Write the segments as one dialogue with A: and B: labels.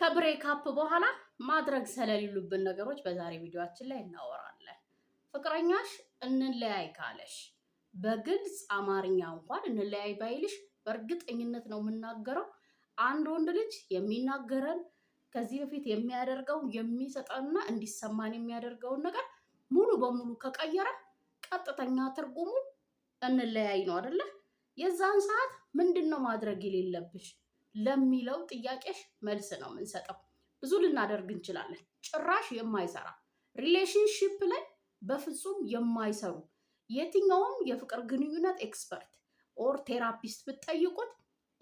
A: ከብሬካፕ በኋላ ማድረግ ስለሌሉብን ነገሮች በዛሬ ቪዲዮችን ላይ እናወራለን። ፍቅረኛሽ እንለያይ ካለሽ በግልጽ አማርኛ እንኳን እንለያይ ባይልሽ በእርግጠኝነት ነው የምናገረው አንድ ወንድ ልጅ የሚናገረን ከዚህ በፊት የሚያደርገው የሚሰጠንና እንዲሰማን የሚያደርገውን ነገር ሙሉ በሙሉ ከቀየረ ቀጥተኛ ትርጉሙ እንለያይ ነው አደለ? የዛን ሰዓት ምንድን ነው ማድረግ የሌለብሽ? ለሚለው ጥያቄሽ መልስ ነው የምንሰጠው። ብዙ ልናደርግ እንችላለን። ጭራሽ የማይሰራ ሪሌሽንሽፕ ላይ በፍጹም የማይሰሩ የትኛውም የፍቅር ግንኙነት ኤክስፐርት ኦር ቴራፒስት ብትጠይቁት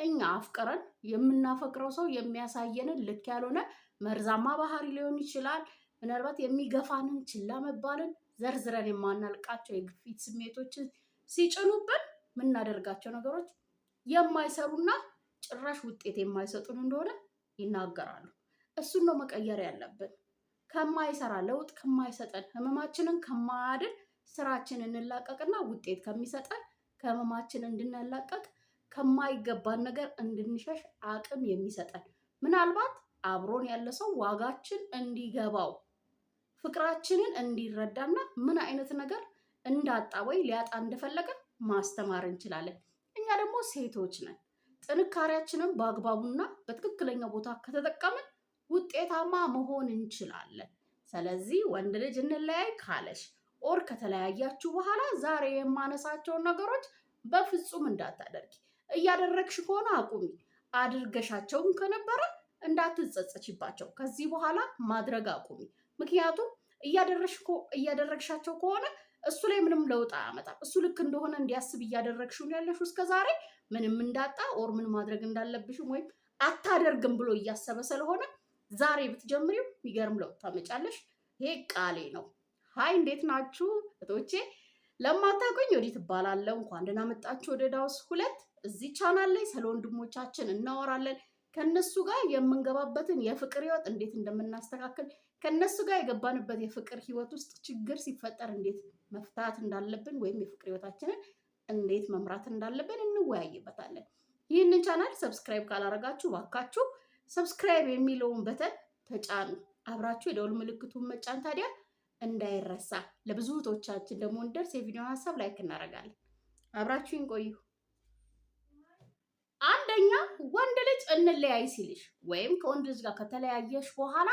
A: እኛ አፍቅረን የምናፈቅረው ሰው የሚያሳየንን ልክ ያልሆነ መርዛማ ባህሪ ሊሆን ይችላል። ምናልባት የሚገፋንን ችላ መባልን ዘርዝረን የማናልቃቸው የግፊት ስሜቶችን ሲጭኑብን የምናደርጋቸው ነገሮች የማይሰሩና ጭራሽ ውጤት የማይሰጡን እንደሆነ ይናገራሉ። እሱን ነው መቀየር ያለብን። ከማይሰራ ለውጥ ከማይሰጠን ህመማችንን ከማያድን ስራችን እንላቀቅና ውጤት ከሚሰጠን ከህመማችን እንድንላቀቅ ከማይገባን ነገር እንድንሸሽ አቅም የሚሰጠን ምናልባት አብሮን ያለ ሰው ዋጋችን እንዲገባው ፍቅራችንን እንዲረዳና ምን አይነት ነገር እንዳጣ ወይ ሊያጣ እንደፈለገ ማስተማር እንችላለን። እኛ ደግሞ ሴቶች ነን። ጥንካሬያችንን በአግባቡና በትክክለኛ ቦታ ከተጠቀምን ውጤታማ መሆን እንችላለን። ስለዚህ ወንድ ልጅ እንለያይ ካለሽ ኦር ከተለያያችሁ በኋላ ዛሬ የማነሳቸውን ነገሮች በፍጹም እንዳታደርጊ። እያደረግሽ ከሆነ አቁሚ። አድርገሻቸውም ከነበረ እንዳትጸጸችባቸው። ከዚህ በኋላ ማድረግ አቁሚ። ምክንያቱም እያደረግሻቸው ከሆነ እሱ ላይ ምንም ለውጥ አያመጣም። እሱ ልክ እንደሆነ እንዲያስብ እያደረግሽው ነው ያለሽው እስከ ዛሬ ምንም እንዳጣ ኦር ምን ማድረግ እንዳለብሽም ወይም አታደርግም ብሎ እያሰበ ስለሆነ ዛሬ ብትጀምሪው የሚገርም ለውጥ ታመጫለሽ። ይሄ ቃሌ ነው። ሀይ እንዴት ናችሁ እህቶቼ? ለማታቆኝ ወዲት እባላለሁ። እንኳን ደህና መጣችሁ ወደ ዳውስ ሁለት። እዚህ ቻናል ላይ ስለ ወንድሞቻችን እናወራለን። ከእነሱ ጋር የምንገባበትን የፍቅር ህይወት እንዴት እንደምናስተካክል ከእነሱ ጋር የገባንበት የፍቅር ህይወት ውስጥ ችግር ሲፈጠር እንዴት መፍታት እንዳለብን ወይም የፍቅር ህይወታችንን እንዴት መምራት እንዳለብን እንወያይበታለን። ይህንን ቻናል ሰብስክራይብ ካላረጋችሁ ባካችሁ ሰብስክራይብ የሚለውን በተን ተጫኑ። አብራችሁ የደውል ምልክቱን መጫን ታዲያ እንዳይረሳ። ለብዙ እህቶቻችን ደግሞ እንደርስ የቪዲዮ ሀሳብ ላይክ እናደርጋለን። አብራችሁን ቆዩ። አንደኛ ወንድ ልጅ እንለያይ ሲልሽ ወይም ከወንድ ልጅ ጋር ከተለያየሽ በኋላ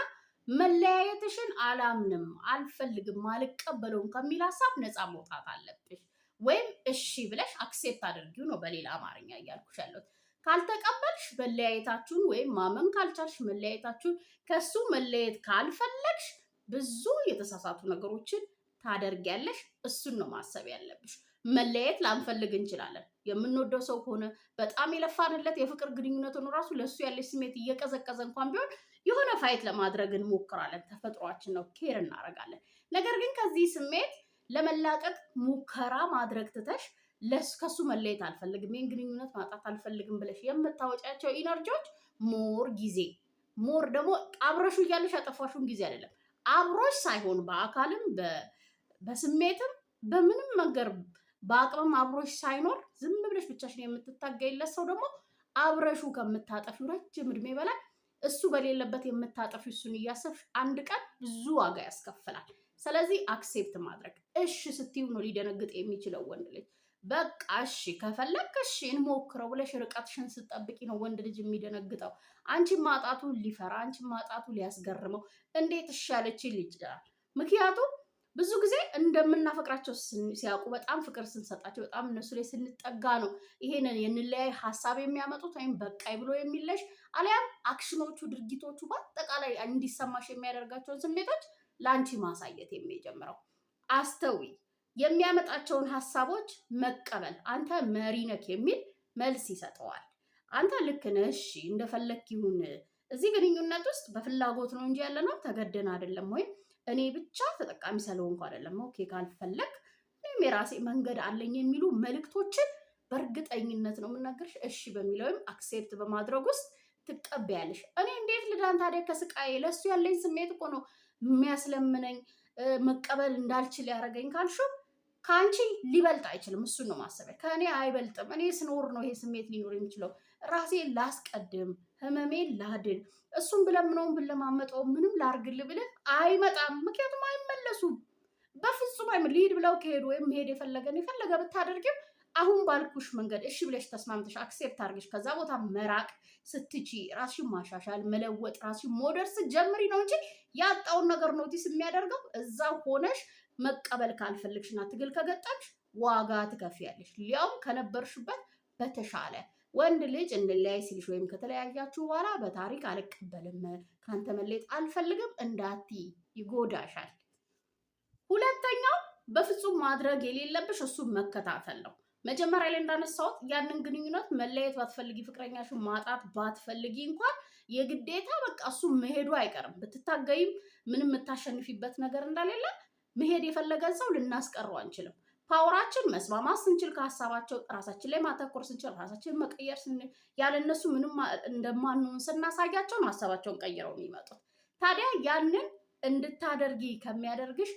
A: መለያየትሽን አላምንም፣ አልፈልግም፣ አልቀበለውም ከሚል ሀሳብ ነፃ መውጣት አለብሽ። ወይም እሺ ብለሽ አክሴፕት አድርጊው ነው በሌላ አማርኛ እያልኩሽ ያለሁት። ካልተቀበልሽ መለያየታችሁን ወይም ማመን ካልቻልሽ መለያየታችሁን፣ ከሱ መለየት ካልፈለግሽ ብዙ የተሳሳቱ ነገሮችን ታደርጊያለሽ። እሱን ነው ማሰብ ያለብሽ። መለያየት ላንፈልግ እንችላለን። የምንወደው ሰው ከሆነ በጣም የለፋንለት የፍቅር ግንኙነቱን ራሱ ለእሱ ያለሽ ስሜት እየቀዘቀዘ እንኳን ቢሆን የሆነ ፋይት ለማድረግ እንሞክራለን። ተፈጥሯችን ነው፣ ኬር እናደርጋለን። ነገር ግን ከዚህ ስሜት ለመላቀቅ ሙከራ ማድረግ ትተሽ ከሱ መለየት አልፈልግም፣ ይህን ግንኙነት ማጣት አልፈልግም ብለሽ የምታወጫቸው ኢነርጂዎች ሞር ጊዜ ሞር ደግሞ አብረሹ እያለሽ ያጠፋሹን ጊዜ አይደለም አብሮች ሳይሆን በአካልም በስሜትም በምንም መንገድ በአቅምም አብሮች ሳይኖር ዝም ብለሽ ብቻሽን የምትታገይለት ሰው ደግሞ አብረሹ ከምታጠፊው ረጅም እድሜ በላይ እሱ በሌለበት የምታጠፊ እሱን እያሰብሽ አንድ ቀን ብዙ ዋጋ ያስከፍላል። ስለዚህ አክሴፕት ማድረግ እሽ ስትዩ ነው ሊደነግጥ የሚችለው ወንድ ልጅ። በቃ እሺ ከፈለግ እሺ እንሞክረው ብለሽ ርቀትሽን ስጠብቂ ነው ወንድ ልጅ የሚደነግጠው። አንቺ ማጣቱ ሊፈራ፣ አንቺ ማጣቱ ሊያስገርመው እንዴት እሻለች ልጅ ይችላል። ምክንያቱም ብዙ ጊዜ እንደምናፈቅራቸው ሲያውቁ በጣም ፍቅር ስንሰጣቸው በጣም እነሱ ላይ ስንጠጋ ነው ይሄንን የንለያይ ሀሳብ የሚያመጡት ወይም በቃይ ብሎ የሚለሽ አሊያም አክሽኖቹ ድርጊቶቹ በአጠቃላይ እንዲሰማሽ የሚያደርጋቸውን ስሜቶች ለአንቺ ማሳየት የሚጀምረው። አስተዊ የሚያመጣቸውን ሀሳቦች መቀበል አንተ መሪ ነክ የሚል መልስ ይሰጠዋል። አንተ ልክ ነህ፣ እሺ እንደፈለክ ይሁን። እዚህ ግንኙነት ውስጥ በፍላጎት ነው እንጂ ያለነው ተገደን አይደለም ወይም እኔ ብቻ ተጠቃሚ ስለሆንኩ አይደለም። ኦኬ ካልፈለግ እኔም የራሴ መንገድ አለኝ የሚሉ መልእክቶችን በእርግጠኝነት ነው የምናገርሽ እሺ በሚለው ወይም አክሴፕት በማድረግ ውስጥ ትቀበያለሽ። እኔ እንዴት ልዳን ታዲያ ከስቃዬ? ለሱ ያለኝ ስሜት እኮ ነው የሚያስለምነኝ መቀበል እንዳልችል ያደረገኝ ካልሽው ከአንቺ ሊበልጥ አይችልም። እሱን ነው ማሰቢያ። ከእኔ አይበልጥም። እኔ ስኖር ነው ይሄ ስሜት ሊኖር የሚችለው። ራሴ ላስቀድም፣ ህመሜን ላድን፣ እሱን ብለምነውን ብለማመጠው ምንም ላርግል ብልህ አይመጣም። ምክንያቱም አይመለሱም፣ በፍጹም አይመ ሊሄድ ብለው ከሄዱ ወይም መሄድ የፈለገን የፈለገ ብታደርግም አሁን ባልኩሽ መንገድ እሺ ብለሽ ተስማምተሽ አክሴፕት አድርገሽ ከዛ ቦታ መራቅ ስትቺ ራስሽን ማሻሻል መለወጥ ራስሽን ሞደርስ ጀምሪ ነው እንጂ ያጣውን ነገር ኖቲስ የሚያደርገው እዛ ሆነሽ መቀበል ካልፈለግሽና ትግል ከገጠምሽ ዋጋ ትከፍያለሽ። ሊያውም ከነበርሽበት በተሻለ ወንድ ልጅ እንለያይ ሲልሽ ወይም ከተለያያችሁ በኋላ በታሪክ አልቀበልም፣ ከአንተ መለየት አልፈልግም እንዳቲ ይጎዳሻል። ሁለተኛው በፍጹም ማድረግ የሌለብሽ እሱን መከታተል ነው። መጀመሪያ ላይ እንዳነሳሁት ያንን ግንኙነት መለየት ባትፈልጊ፣ ፍቅረኛሽን ማጣት ባትፈልጊ እንኳን የግዴታ በቃ እሱ መሄዱ አይቀርም። ብትታገይም ምንም የምታሸንፊበት ነገር እንደሌለ መሄድ የፈለገን ሰው ልናስቀረው አንችልም። ፓወራችን መስማማት ስንችል ከሀሳባቸው ራሳችን ላይ ማተኮር ስንችል ራሳችን መቀየር ስንችል ያለ እነሱ ምንም እንደማንሆን ስናሳያቸውን ሀሳባቸውን ቀይረው የሚመጡት ታዲያ ያንን እንድታደርጊ ከሚያደርግሽ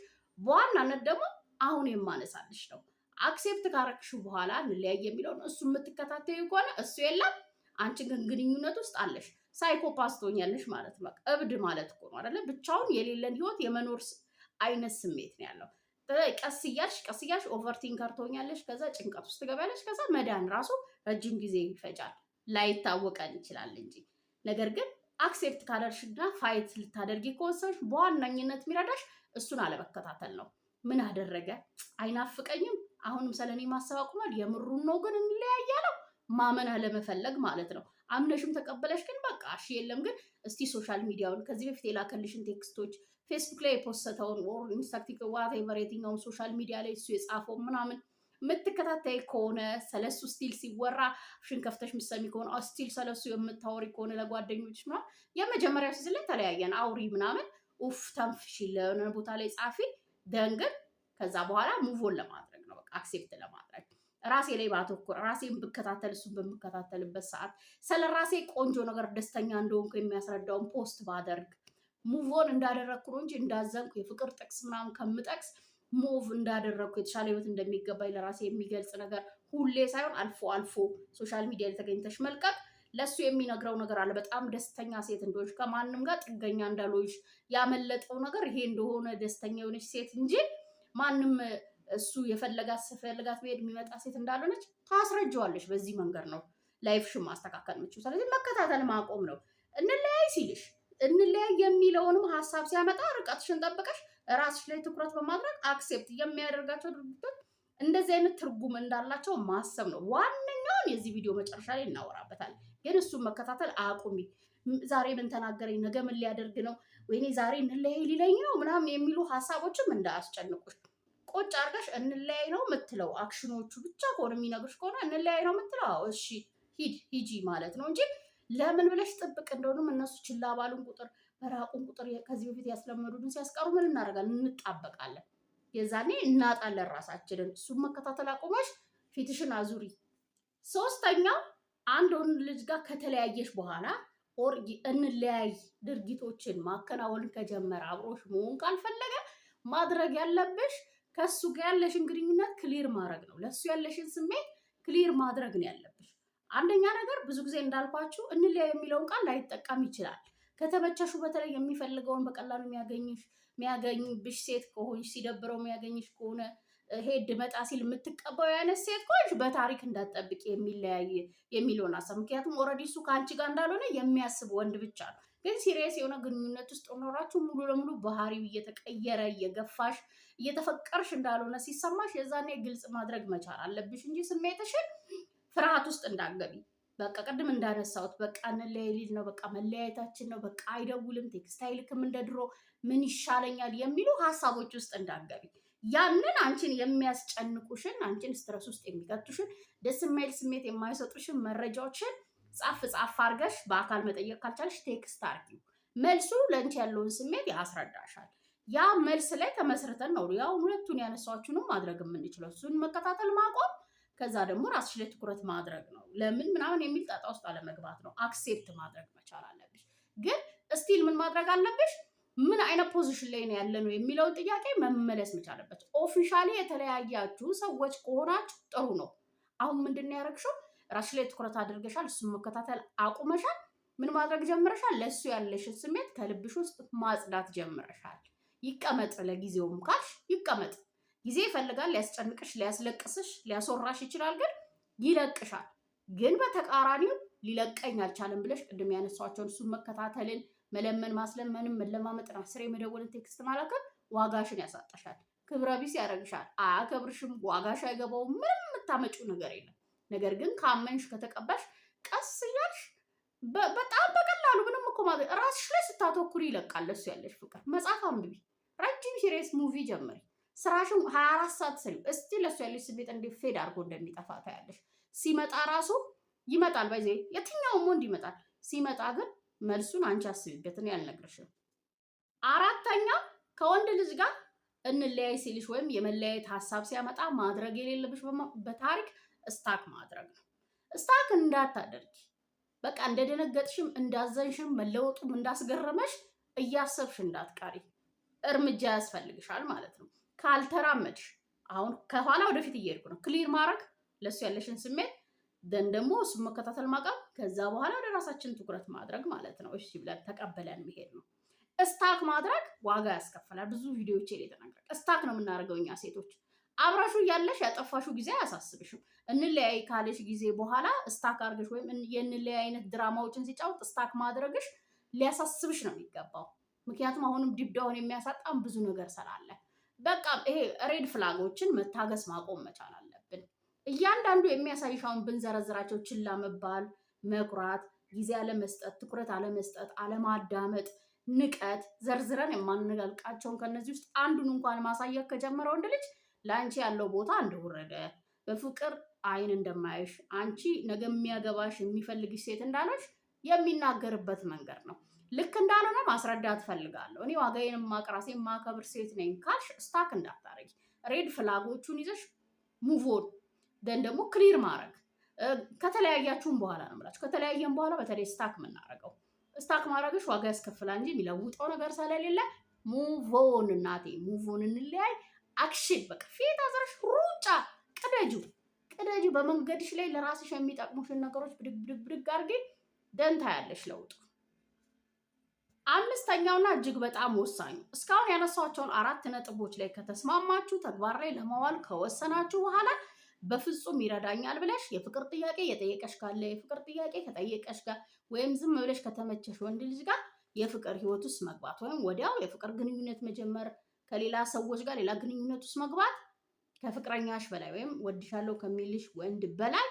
A: በዋናነት ደግሞ አሁን የማነሳልሽ ነው። አክሴፕት ካረግሽ በኋላ እንለያይ የሚለውን እሱ የምትከታተዩ ከሆነ እሱ የለም፣ አንቺ ግን ግንኙነት ውስጥ አለሽ። ሳይኮፓስቶኛለሽ ማለት ነው። እብድ ማለት እኮ ነው አይደለ? ብቻውን የሌለን ህይወት የመኖር አይነት ስሜት ነው ያለው። ቀስ እያልሽ ቀስ እያልሽ ኦቨርቲን ትሆኛለሽ። ከዛ ጭንቀት ውስጥ ትገቢያለሽ። ከዛ መዳን ራሱ ረጅም ጊዜ ይፈጫል። ላይታወቀን ይችላል እንጂ ነገር ግን አክሴፕት ካደርሽና ፋይት ልታደርጊ ከወሰንሽ በዋናኝነት የሚረዳሽ እሱን አለመከታተል ነው። ምን አደረገ አይናፍቀኝም፣ አሁንም ስለኔ ማሰብ አቁሟል፣ የምሩን ነው ግን እንለያያ ማመን አለመፈለግ ማለት ነው። አምነሽም ተቀበለሽ ግን በቃ እሺ የለም ግን እስቲ ሶሻል ሚዲያውን ከዚህ በፊት የላከልሽን ቴክስቶች ፌስቡክ ላይ የፖሰተውን ወር ኢንስታክቲክ ዋቴቨር የትኛውም ሶሻል ሚዲያ ላይ እሱ የጻፈው ምናምን የምትከታተይ ከሆነ ሰለሱ ስቲል ሲወራ ሽን ከፍተሽ ምሰሚ ከሆነ ስቲል ሰለሱ የምታወሪ ከሆነ ለጓደኞች ምናምን የመጀመሪያው ሲዝን ላይ ተለያየን አውሪ ምናምን ኡፍ ተንፍሽ ለሆነ ቦታ ላይ ጻፊ ደንግን ከዛ በኋላ ሙቮን ለማድረግ ነው በቃ አክሴፕት ለማድረግ ራሴ ላይ ባተኩር ራሴን ብከታተል እሱን በምከታተልበት ሰዓት ስለ ራሴ ቆንጆ ነገር ደስተኛ እንደሆንኩ የሚያስረዳውን ፖስት ባደርግ ሙቮን እንዳደረግኩ ነው እንጂ እንዳዘንኩ የፍቅር ጥቅስ ምናምን ከምጠቅስ ሙቭ እንዳደረግኩ የተሻለ ህይወት እንደሚገባኝ ለራሴ የሚገልጽ ነገር ሁሌ ሳይሆን አልፎ አልፎ ሶሻል ሚዲያ ላይ መልቀቅ ለእሱ የሚነግረው ነገር አለ። በጣም ደስተኛ ሴት እንደሆንሽ ከማንም ጋር ጥገኛ እንዳልሆንሽ ያመለጠው ነገር ይሄ እንደሆነ ደስተኛ የሆነች ሴት እንጂ ማንም እሱ የፈለጋት ፈለጋት መሄድ የሚመጣ ሴት እንዳልሆነች ታስረጀዋለሽ። በዚህ መንገድ ነው ላይፍሽን ማስተካከል ምችው። ስለዚህ መከታተል ማቆም ነው። እንለያይ ሲልሽ እንለያይ የሚለውንም ሀሳብ ሲያመጣ ርቀትሽን ጠብቀሽ ራስሽ ላይ ትኩረት በማድረግ አክሴፕት የሚያደርጋቸው ድርጊቶች እንደዚህ አይነት ትርጉም እንዳላቸው ማሰብ ነው። ዋነኛውን የዚህ ቪዲዮ መጨረሻ ላይ እናወራበታለን። ግን እሱን መከታተል አቁሚ። ዛሬ ምን ተናገረኝ፣ ነገ ምን ሊያደርግ ነው፣ ወይኔ ዛሬ እንለያይ ሊለኝ ነው ምናምን የሚሉ ሀሳቦችም እንዳያስጨንቁሽ። ቁጭ አድርገሽ እንለያይ ነው የምትለው አክሽኖቹ ብቻ ከሆነ የሚነግርሽ ከሆነ እንለያይ ነው የምትለው እሺ ሂድ ሂጂ ማለት ነው እንጂ ለምን ብለሽ ጥብቅ እንደሆኑም እነሱ ችላ ባሉን ቁጥር በራቁን ቁጥር ከዚህ በፊት ያስለመዱን ሲያስቀሩ ምን እናደርጋለን? እንጣበቃለን። የዛኔ እናጣለን ራሳችንን። እሱም መከታተል አቁመሽ ፊትሽን አዙሪ። ሶስተኛው አንድ ወንድ ልጅ ጋር ከተለያየሽ በኋላ ኦር እንለያይ ድርጊቶችን ማከናወን ከጀመረ አብሮሽ መሆን ካልፈለገ ማድረግ ያለብሽ ከሱ ጋር ያለሽን ግንኙነት ክሊር ማድረግ ነው። ለሱ ያለሽን ስሜት ክሊር ማድረግ ነው ያለብሽ። አንደኛ ነገር ብዙ ጊዜ እንዳልኳችሁ እንለያይ የሚለውን ቃል ላይጠቀም ይችላል። ከተመቸሹ በተለይ የሚፈልገውን በቀላሉ የሚያገኝብሽ ሴት ከሆንሽ፣ ሲደብረው የሚያገኝሽ ከሆነ ሄድ መጣ ሲል የምትቀባዩ አይነት ሴት ከሆንሽ በታሪክ እንዳትጠብቂ የሚለያይ የሚለውን አሳብ። ምክንያቱም ኦልሬዲ እሱ ከአንቺ ጋር እንዳልሆነ የሚያስብ ወንድ ብቻ ነው። ግን ሲሪየስ የሆነ ግንኙነት ውስጥ ኖራችሁ ሙሉ ለሙሉ ባህሪው እየተቀየረ እየገፋሽ እየተፈቀርሽ እንዳልሆነ ሲሰማሽ የዛኔ ግልጽ ማድረግ መቻል አለብሽ እንጂ ስሜትሽን ፍርሃት ውስጥ እንዳገቢ በቃ ቅድም እንዳነሳሁት በቃ እንለያይ ሊል ነው፣ በቃ መለያየታችን ነው፣ በቃ አይደውልም፣ ቴክስት አይልክም፣ እንደ ድሮ ምን ይሻለኛል የሚሉ ሀሳቦች ውስጥ እንዳገቢ ያንን አንቺን የሚያስጨንቁሽን አንቺን ስትረስ ውስጥ የሚከቱሽን ደስ የማይል ስሜት የማይሰጡሽን መረጃዎችን ጻፍ ጻፍ አርገሽ በአካል መጠየቅ ካልቻለሽ ቴክስት አድርጊው። መልሱ ለአንቺ ያለውን ስሜት ያስረዳሻል። ያ መልስ ላይ ተመስርተን ነው ያው ሁለቱን ያነሳችሁንም ማድረግ የምንችለው እሱን መከታተል ማቆም ከዛ ደግሞ ራስሽ ላይ ትኩረት ማድረግ ነው። ለምን ምናምን የሚል ጣጣ ውስጥ አለመግባት ነው። አክሴፕት ማድረግ መቻል አለብሽ። ግን ስቲል ምን ማድረግ አለብሽ? ምን አይነት ፖዚሽን ላይ ነው ያለ ነው የሚለውን ጥያቄ መመለስ መቻለበት። ኦፊሻሊ የተለያያችሁ ሰዎች ከሆናችሁ ጥሩ ነው። አሁን ምንድን ነው ያደረግሽው? ራስሽ ላይ ትኩረት አድርገሻል። እሱን መከታተል አቁመሻል። ምን ማድረግ ጀምረሻል? ለእሱ ያለሽን ስሜት ከልብሽ ውስጥ ማጽዳት ጀምረሻል። ይቀመጥ ለጊዜውም ካልሽ ይቀመጥ ጊዜ ይፈልጋል። ሊያስጨንቅሽ፣ ሊያስለቅስሽ፣ ሊያስወራሽ ይችላል። ግን ይለቅሻል። ግን በተቃራኒው ሊለቀኝ አልቻለም ብለሽ ቅድም ያነሷቸውን እሱን መከታተልን፣ መለመን፣ ማስለመንም፣ መለማመጥን፣ አስሬ መደወልን፣ ቴክስት ማላከል ዋጋሽን ያሳጣሻል። ክብረ ቢስ ያደርግሻል። አያከብርሽም። ዋጋሽ አይገባውም። ምንም የምታመጪው ነገር የለም። ነገር ግን ካመንሽ ከተቀባሽ ቀስ እያልሽ በጣም በቀላሉ ምንም እኮ ራስሽ ላይ ስታተኩሪ ይለቃል። ለሱ ያለሽ ፍቅር መጽሐፍ አንብቢ፣ ረጅም ሲሪየስ ሙቪ ጀምሪ። ስራሽም ሀያ አራት ሰዓት ስሪው እስቲ ለሱ ያለች ስሜት እንዲ ፌድ አድርጎ እንደሚጠፋ ታያለሽ። ሲመጣ ራሱ ይመጣል፣ ባይዜ የትኛውም ወንድ ይመጣል። ሲመጣ ግን መልሱን አንቺ አስቢበት፣ እኔ አልነግርሽም። አራተኛ ከወንድ ልጅ ጋር እንለያይ ሲልሽ ወይም የመለያየት ሀሳብ ሲያመጣ ማድረግ የሌለብሽ በታሪክ እስታክ ማድረግ ነው። እስታክ እንዳታደርጊ በቃ እንደደነገጥሽም እንዳዘንሽም መለወጡም እንዳስገረመሽ እያሰብሽ እንዳትቀሪ እርምጃ ያስፈልግሻል ማለት ነው። ካልተራመድሽ አሁን ከኋላ ወደፊት እየሄድኩ ነው። ክሊር ማድረግ ለሱ ያለሽን ስሜት ደን ደግሞ እሱ መከታተል ማቀም፣ ከዛ በኋላ ወደ ራሳችን ትኩረት ማድረግ ማለት ነው። እሺ ብለን ተቀበለን መሄድ ነው። እስታክ ማድረግ ዋጋ ያስከፈላል። ብዙ ቪዲዮዎች ላይ ተናግራል። እስታክ ነው የምናደርገው እኛ ሴቶች። አብራሹ ያለሽ ያጠፋሹ ጊዜ አያሳስብሽም። እንለያይ ካለሽ ጊዜ በኋላ እስታክ አድርገሽ ወይም የእንለያይ አይነት ድራማዎችን ሲጫወት እስታክ ማድረግሽ ሊያሳስብሽ ነው የሚገባው። ምክንያቱም አሁንም ዲብዳውን የሚያሳጣም ብዙ ነገር ስላለ በቃ ይሄ ሬድ ፍላጎችን መታገስ ማቆም መቻል አለብን። እያንዳንዱ የሚያሳይሻውን ብንዘረዝራቸው ችላ መባል፣ መኩራት፣ ጊዜ አለመስጠት፣ ትኩረት አለመስጠት፣ አለማዳመጥ፣ ንቀት፣ ዘርዝረን የማንጋልቃቸውን ከነዚህ ውስጥ አንዱን እንኳን ማሳየት ከጀመረ ወንድ ልጅ ለአንቺ ያለው ቦታ እንደወረደ በፍቅር አይን እንደማይሽ አንቺ ነገ የሚያገባሽ የሚፈልግሽ ሴት እንዳለሽ የሚናገርበት መንገድ ነው። ልክ እንዳልሆነ ማስረዳት ፈልጋለሁ። እኔ ዋጋዬን ማቅራሴ ማከብር ሴት ነኝ ካልሽ ስታክ እንዳታረጊ፣ ሬድ ፍላጎቹን ይዘሽ ሙቮን ደን ደግሞ ክሊር ማድረግ ከተለያያችሁም በኋላ ነው የምላችሁ። ከተለያየም በኋላ በተለይ ስታክ የምናደርገው ስታክ ማድረግሽ ዋጋ ያስከፍላል እንጂ የሚለውጠው ነገር ስለሌለ ሙቮን፣ እናቴ ሙቮን፣ እንለያይ። አክሽን በቃ ፊት አዘርሽ ሩጫ ቅደጁ ቅደጁ። በመንገድሽ ላይ ለራስሽ የሚጠቅሙሽን ነገሮች ብድግ ብድግ ብድግ አድርጌ ደንታ ያለሽ ለውጡ አምስተኛውና እጅግ በጣም ወሳኙ እስካሁን ያነሳቸውን አራት ነጥቦች ላይ ከተስማማችሁ ተግባር ላይ ለማዋል ከወሰናችሁ በኋላ በፍጹም ይረዳኛል ብለሽ የፍቅር ጥያቄ የጠየቀሽ ካለ የፍቅር ጥያቄ ከጠየቀሽ ጋር ወይም ዝም ብለሽ ከተመቸሽ ወንድ ልጅ ጋር የፍቅር ህይወት ውስጥ መግባት ወይም ወዲያው የፍቅር ግንኙነት መጀመር ከሌላ ሰዎች ጋር ሌላ ግንኙነት ውስጥ መግባት ከፍቅረኛሽ በላይ ወይም ወድሻለሁ ከሚልሽ ወንድ በላይ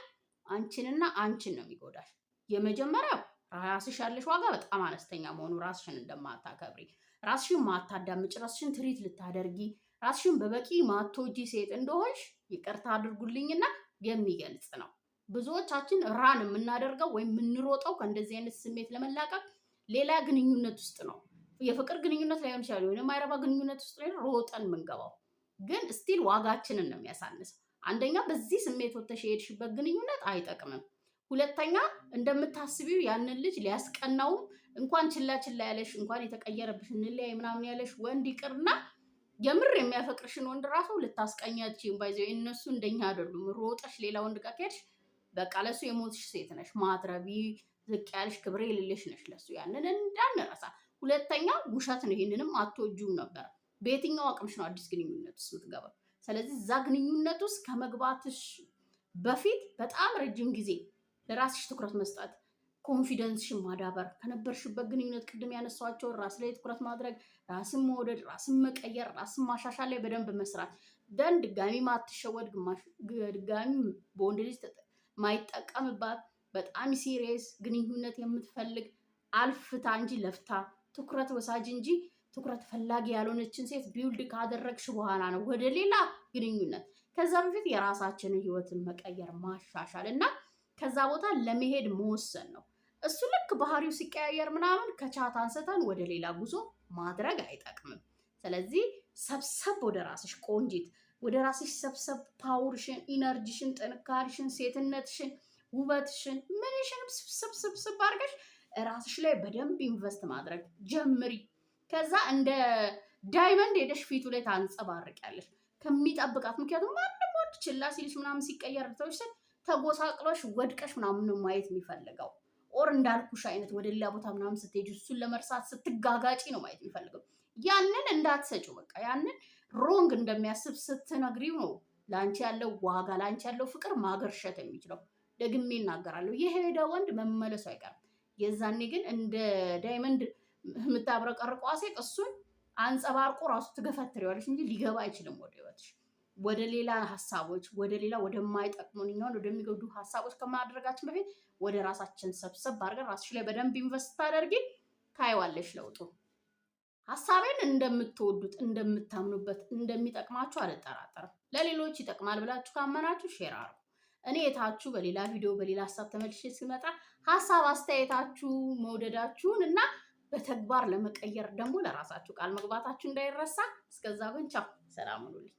A: አንቺንና አንቺን ነው የሚጎዳሽ የመጀመሪያው ራስሽ ያለሽ ዋጋ በጣም አነስተኛ መሆኑ ራስሽን እንደማታከብሪ፣ ራስሽን ማታዳምጭ፣ ራስሽን ትሪት ልታደርጊ፣ ራስሽን በበቂ ማቶጂ ሴት እንደሆንሽ ይቅርታ አድርጉልኝና የሚገልጽ ነው። ብዙዎቻችን ራን የምናደርገው ወይም የምንሮጠው ከእንደዚህ አይነት ስሜት ለመላቀቅ ሌላ ግንኙነት ውስጥ ነው። የፍቅር ግንኙነት ላይሆን ይችላል፣ ወይም የማይረባ ግንኙነት ውስጥ ላይ ሮጠን የምንገባው ግን ስቲል ዋጋችንን ነው የሚያሳንሰው። አንደኛ በዚህ ስሜት ወተሽ የሄድሽበት ግንኙነት አይጠቅምም። ሁለተኛ እንደምታስቢው ያንን ልጅ ሊያስቀናውም እንኳን ችላ ችላ ያለሽ እንኳን የተቀየረብሽ እንለያይ ምናምን ያለሽ ወንድ ይቅርና የምር የሚያፈቅርሽን ወንድ ራሱ ልታስቀኛች ባይዘ እነሱ እንደኛ አይደሉም። ሮጠሽ ሌላ ወንድ ጋር ከሄድሽ በቃ ለሱ የሞትሽ ሴት ነሽ። ማትረቢ ዝቅ ያልሽ ክብሬ የሌለሽ ነሽ ለሱ። ያንን እንዳንረሳ። ሁለተኛ ውሸት ነው። ይህንንም አትወጂውም ነበረ። በየትኛው አቅምሽ ነው አዲስ ግንኙነት ውስጥ የምትገባው? ስለዚህ እዛ ግንኙነት ውስጥ ከመግባትሽ በፊት በጣም ረጅም ጊዜ ለራስሽ ትኩረት መስጠት፣ ኮንፊደንስሽን ማዳበር፣ ከነበርሽበት ግንኙነት ቅድም ያነሳቸው ራስ ላይ ትኩረት ማድረግ፣ ራስን መውደድ፣ ራስን መቀየር፣ ራስን ማሻሻል ላይ በደንብ መስራት ደን ድጋሚ ማትሸወድ ድጋሚ በወንድ ልጅ ማይጠቀምባት በጣም ሲሪየስ ግንኙነት የምትፈልግ አልፍታ እንጂ ለፍታ ትኩረት ወሳጅ እንጂ ትኩረት ፈላጊ ያልሆነችን ሴት ቢውልድ ካደረግሽ በኋላ ነው ወደ ሌላ ግንኙነት። ከዛ በፊት የራሳችንን ህይወትን መቀየር ማሻሻል እና ከዛ ቦታ ለመሄድ መወሰን ነው። እሱ ልክ ባህሪው ሲቀያየር ምናምን ከቻት አንስተን ወደ ሌላ ጉዞ ማድረግ አይጠቅምም። ስለዚህ ሰብሰብ ወደ ራስሽ ቆንጂት፣ ወደ ራስሽ ሰብሰብ ፓውርሽን፣ ኢነርጂሽን፣ ጥንካሬሽን፣ ሴትነትሽን፣ ውበትሽን፣ ምንሽንም ስብስብስብስብ አድርገሽ ራስሽ ላይ በደንብ ኢንቨስት ማድረግ ጀምሪ። ከዛ እንደ ዳይመንድ ሄደሽ ፊቱ ላይ ያለሽ ከሚጠብቃት ምክንያቱም ማንም ወድ ችላ ሲልሽ ምናምን ሲቀየር ብተውሽ ተጎሳቅሎሽ ወድቀሽ ምናምን ማየት የሚፈልገው ኦር እንዳልኩሽ አይነት ወደ ሌላ ቦታ ምናምን ስትሄጂ እሱን ለመርሳት ስትጋጋጪ ነው ማየት የሚፈልገው። ያንን እንዳትሰጪው፣ በቃ ያንን ሮንግ እንደሚያስብ ስትነግሪው ነው ለአንቺ ያለው ዋጋ ለአንቺ ያለው ፍቅር ማገርሸት የሚችለው። ደግሜ እናገራለሁ፣ የሄደ ወንድ መመለሱ አይቀርም። የዛኔ ግን እንደ ዳይመንድ የምታብረቀርቀው ሴት እሱን አንጸባርቆ ራሱ ትገፈትሪዋለሽ እንጂ ሊገባ አይችልም ወደ ህይወትሽ። ወደ ሌላ ሀሳቦች ወደ ሌላ ወደማይጠቅሙን እኛን ወደሚገዱ ሀሳቦች ከማድረጋችን በፊት ወደ ራሳችን ሰብሰብ አድርገን ራስሽ ላይ በደንብ ኢንቨስት ታደርጊ ታይዋለሽ ለውጡ። ሀሳቤን እንደምትወዱት እንደምታምኑበት እንደሚጠቅማችሁ አልጠራጠርም። ለሌሎች ይጠቅማል ብላችሁ ካመናችሁ ሼር አሩ። እኔ የታችሁ በሌላ ቪዲዮ በሌላ ሀሳብ ተመልሼ ሲመጣ ሀሳብ አስተያየታችሁ መውደዳችሁን እና በተግባር ለመቀየር ደግሞ ለራሳችሁ ቃል መግባታችሁ እንዳይረሳ። እስከዛ ግን ቻው፣ ሰላም ሁኑልኝ።